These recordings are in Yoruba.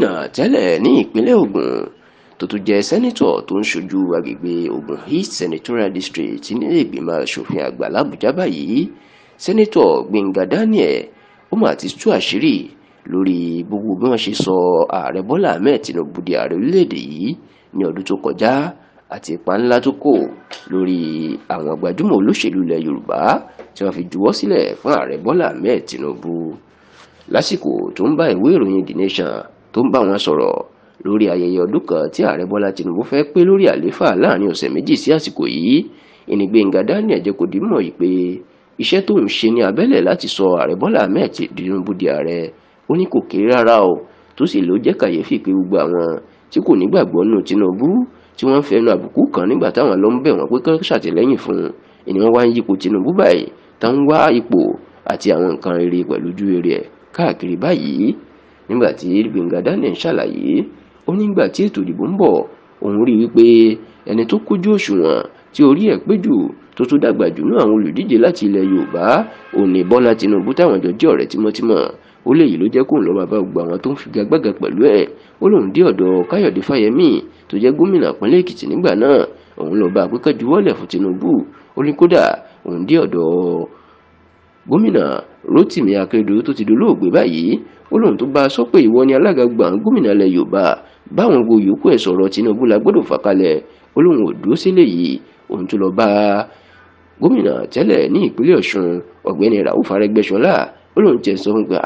gómìnà tẹ́lẹ̀ ní ìpínlẹ̀ Ògùn tó tún jẹ́ sẹ́nítọ̀ tó ń ṣojú agbègbè Ògùn East Senatorial District nílé ìgbìmọ̀ asòfin àgbà l'Àbújá báyìí sẹ́nítọ̀ Gbẹ̀ngà Daniel ó mà ti tú àṣírí lórí gbogbo bí wọ́n ṣe sọ ààrẹ Bọ́lá Ahmed Tinubu di ààrẹ orílẹ̀-èdè yìí ní ọdún tó kọjá àti ipa ńlá tó kò lórí àwọn gbajúmọ̀ olóṣèlú ilẹ̀ Yorùbá tí wọ́n fi juwọ́ sílẹ̀ fún ààrẹ Bọ́lá Ahmed Tinubu lásìkò tó ń bá ìwé ìròyìn The Nation tó ń bá wọn sọ̀rọ̀ lórí ayẹyẹ ọdún kan tí ààrẹ bọ́lá tinubu fẹ́ pé lórí àlééfà láàrin ọ̀sẹ̀ méjì sí àsìkò yìí ìní daniel jẹ́ kó di mọ̀ yìí pé iṣẹ́ tó ń ṣe ní abẹ́lẹ̀ láti sọ ààrẹ bọ́lá ahmed tinubu di ààrẹ ó ní kò kéré rárá o tó sì ló jẹ́ kàyéfì pé gbogbo àwọn tí kò nígbàgbọ́ nù tinubu tí wọ́n fẹnu àbùkù kan nígbà táwọn lọ ń bẹ̀ wọ́n pé kán ṣàtìlẹ́yìn fún un ìní wọ́n wá ń yípo tinubu báyìí nígbà tí Gbẹ̀ngà Daniel ṣàlàyé ó nígbà tí ètò ìdìbò ń bọ̀ òun rí wípé ẹni tó kójú òṣùwọ̀n tí orí ẹ̀ pé jù tó tún dàgbà jù ní àwọn olùdíje láti ilẹ̀ Yorùbá òní Bọ́lá Tinubu táwọn jọ jẹ́ ọ̀rẹ́ tímọ́tímọ́ ó léyìí ló jẹ́ kóun lọ́ọ́ máa bá gbogbo àwọn tó ń figagbága pẹ̀lú ẹ̀ ó lóun dé ọ̀dọ̀ Káyọ̀dé Fáyẹmí tó jẹ́ gómìnà ìpínlẹ̀ Èkìtì nígbà náà òun lọ́ọ́ bá akẹ́kọ̀ọ́ juwọ́lẹ̀ fún Tinubu ó ní kódà òun dé ọ̀dọ̀ gómìnà Rotimi Akeredolu tó ti dolóògbé báyìí ó lóun tó bá a sọ pé ìwọ ni alága gbàǹ gómìnà ilẹ̀ Yorùbá báwọn gbogbo yòókù ẹ̀ sọ̀rọ̀ Tinubu la gbọ́dọ̀ fà kalẹ̀ ó lóun ò dúró sílé yìí òun tó lọ bá gómìnà tẹ́lẹ̀ ní ìpínlẹ̀ Ọ̀ṣun ọ̀gbẹ́ni Rauf Arẹ́gbẹ́ṣọlá ó lóun tẹ̀ sọ fún pé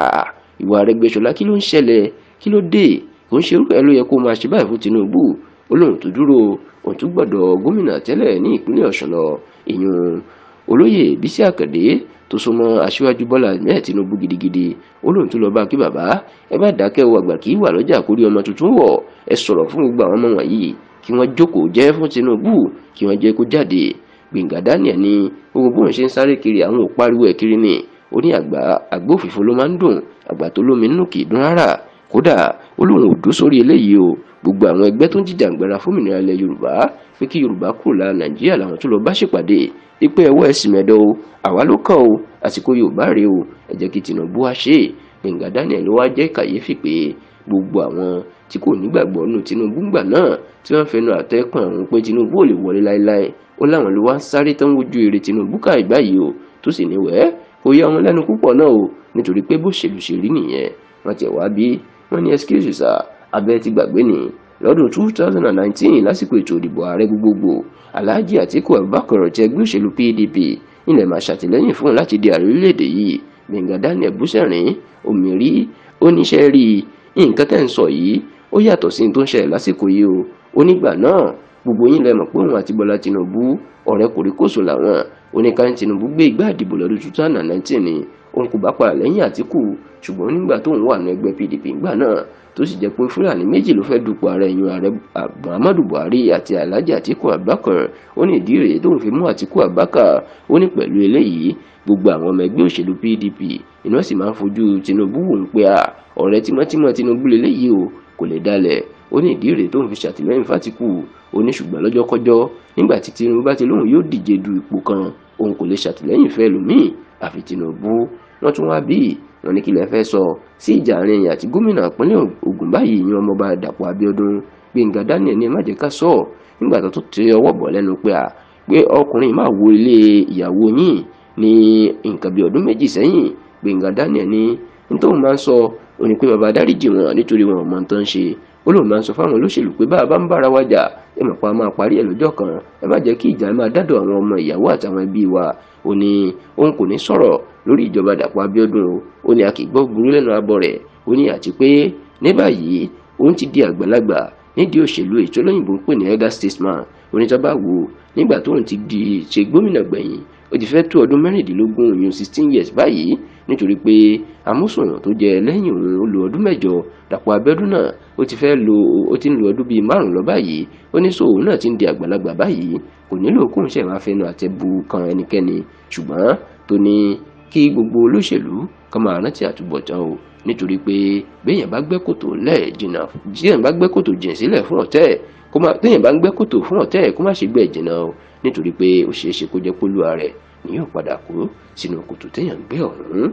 ìwà Arẹ́gbẹ́ṣọlá kí ló ń ṣẹlẹ̀ kí ló dé kò ń ṣe orúkọ ẹ ló yẹ kó máa ṣe báyìí fún Tinubu ó lóun tó dúró òun tó gbọ́dọ̀ gómìnà tẹ́lẹ̀ ní ìpínlẹ̀ Ọ̀ṣun lọ ìyún olóyè bísí àkàndé tó súnmọ́ aṣíwájú bọ́lá ahmed tinubu gidigidi ó lóun tó lọ bá kí bàbá ẹ bá dákẹ́ o àgbà kì í wà lọ́jà kórí ọmọ tuntun wọ̀ ẹ sọ̀rọ̀ fún gbogbo àwọn ọmọ wọ̀nyí kí wọ́n jókòó jẹ́ fún tinubu kí wọ́n jẹ́ kó jáde gbẹ̀ngà daniel ni gbogbo bóun ṣe ń sáré kiri àwọn ò pariwo ẹ̀ kiri ni ó ní àgbà àgbófinfo ló máa ń dùn àgbà tó lómi nínú kì í dún rárá kódà ó lóun ò dó sórí eléyìí o gbogbo àwọn ẹgbẹ́ tó ń jìjàǹgbara fómìnira ilẹ̀ yorùbá pé kí yorùbá kúrò lára nàìjíríà làwọn tó lọ bá ṣèpàdé ipe ẹwọ́ ẹ̀sìn mẹ́dọ̀ o àwa ló kàn o àsìkò yorùbá rèé o ẹ kí tinubu wá ṣe gbẹ̀ngà daniel ló wá jẹ́ kàyéfì pé gbogbo àwọn tí kò nígbàgbọ́ nù tinubu ńgbà náà tí wọ́n fẹnu àtẹ́kùn àwọn pé tinubu ò lè wọlé láéláé ó láwọn ló wá ń sáré tán wojú èrè tinubu ká ìgbáyìí o tó sì níwẹ̀ẹ́ kò yẹ wọn lẹ́nu púpọ̀ náà o nítorí pé bó ṣèlú ṣe rí nìyẹn wọ́n tẹ̀ wá bí wọ́n ní excuses à abẹ́ ti gbàgbé ni lọ́dún two thousand and nineteen lásìkò ètò ìdìbò ààrẹ gbogbogbò Alhaji Atiku Abubakar ọ̀jẹ̀ ẹgbẹ́ òṣèlú PDP ilẹ̀ máa ṣàtìlẹ́yìn fún láti di ààrẹ orílẹ̀-èdè yìí Gbẹ̀ngà Daniel Búṣẹ̀rín òmìnirí oníṣẹ́ rí i nǹkan tẹ́ ń sọ yìí ó yàtọ̀ sí tó ń ṣẹlẹ̀ lásìkò yìí o onígbà náà gbogbo yín lẹ́mọ̀ pé òun àti Bọ́lá Tinubu ọ̀rẹ́ kòríkòsò làwọn oníkan Tinubu gbé igbá ìdìbò lọ́dún two ni òun kò bá padà lẹ́yìn àtìkù ṣùgbọ́n nígbà tóun wà ní ẹgbẹ́ pdp ńgbà náà tó sì jẹ́ pé fúlàní méjì ló fẹ́ dupò ààrẹ yan ààrẹ muhammadu buhari àti alhaji atiku abubakar ó ní ìdí rèé tóun fi mú atiku abubakar ó ní pẹ̀lú eléyìí gbogbo àwọn ọmọ ẹgbẹ́ òṣèlú pdp iná sì máa ń fojú tinubu wò ń pé a ọ̀rẹ́ tímọ́tímọ́ tinubu lélẹ́yìí o kò lè dalẹ̀ ó ní ìdí rèé tóun fi ṣàtìlẹ́yìn fátikù ó ní ṣùgbọ́n lọ́jọ́kọ́jọ́ nígbà tí tinubu bá ti lóun yóò díje du ipò kan òun kò lè ṣàtìlẹ́yìn fẹ́ lómìn àfi tinubu wọ́n tún wá bí wọ́n ní kí sọ sí ìjà àárín ẹ̀yìn àti gómìnà ìpínlẹ̀ ogun báyìí ìyẹn ọmọọba Dàpọ̀ Abíọ́dún Daniel ní ẹ sọ nígbà tó ti ọwọ́ bọ̀ lẹ́nu pé à pé ọkùnrin máa wo ilé ìyàwó yín ní Daniel ní nítorí ó ní pé bàbá dáríjì wọn nítorí wọn ò mọ tán ṣe ó lóun máa ń sọ fáwọn olóṣèlú pé bá a bá ń bára wa jà ẹ mọ̀ pa máa parí ẹ̀ lọ́jọ́ kan ẹ má jẹ́ kí ìjà máa dádọ̀ àwọn ọmọ ìyàwó àtàwọn ẹbí wa ó ní òun kò ní sọ̀rọ̀ lórí ìjọba Dàpọ̀ Abíọ́dún ó ní a burú lẹ́nu abọ́ rẹ̀ ó ní àti pé ní báyìí òun ti di àgbàlagbà nídìí òṣèlú ètò olóyìnbó ń pè ní elder statesman onítọ́báwo nígbà tóun ti di ṣe gómìnà gbẹ̀yìn ó ti fẹ́ tó ọdún mẹ́rìndínlógún ìyún sixteen years báyìí nítorí pé amúsùnwọ̀n tó jẹ lẹ́yìn òun ó lo ọdún mẹ́jọ Dàpọ̀ Abẹ́dún náà ó ti fẹ́ lo ó ti ń lo ọdún bíi márùn lọ báyìí ó ní sóòwò náà ti ń di àgbàlagbà báyìí kò nílò kóun ṣẹ̀ máa fẹnu àtẹ̀bù kan ẹnikẹ́ni ṣùgbọ́n tó ní kí gbogbo olóṣèlú kan máa rántí àtúbọ̀tán o nítorí pé béèyàn bá gbẹ́ kòtò lẹ̀ jìnnà béèyàn bá gbẹ́ kòtò jìn sílẹ̀ fún ọ̀tẹ̀ kó má béèyàn bá gbẹ́ kòtò fún o nítorí pé ó ṣeé ṣe kó jẹ́ pólúwa rẹ̀ ni yóò padà kú sínú kòtò téèyàn gbé ọ̀run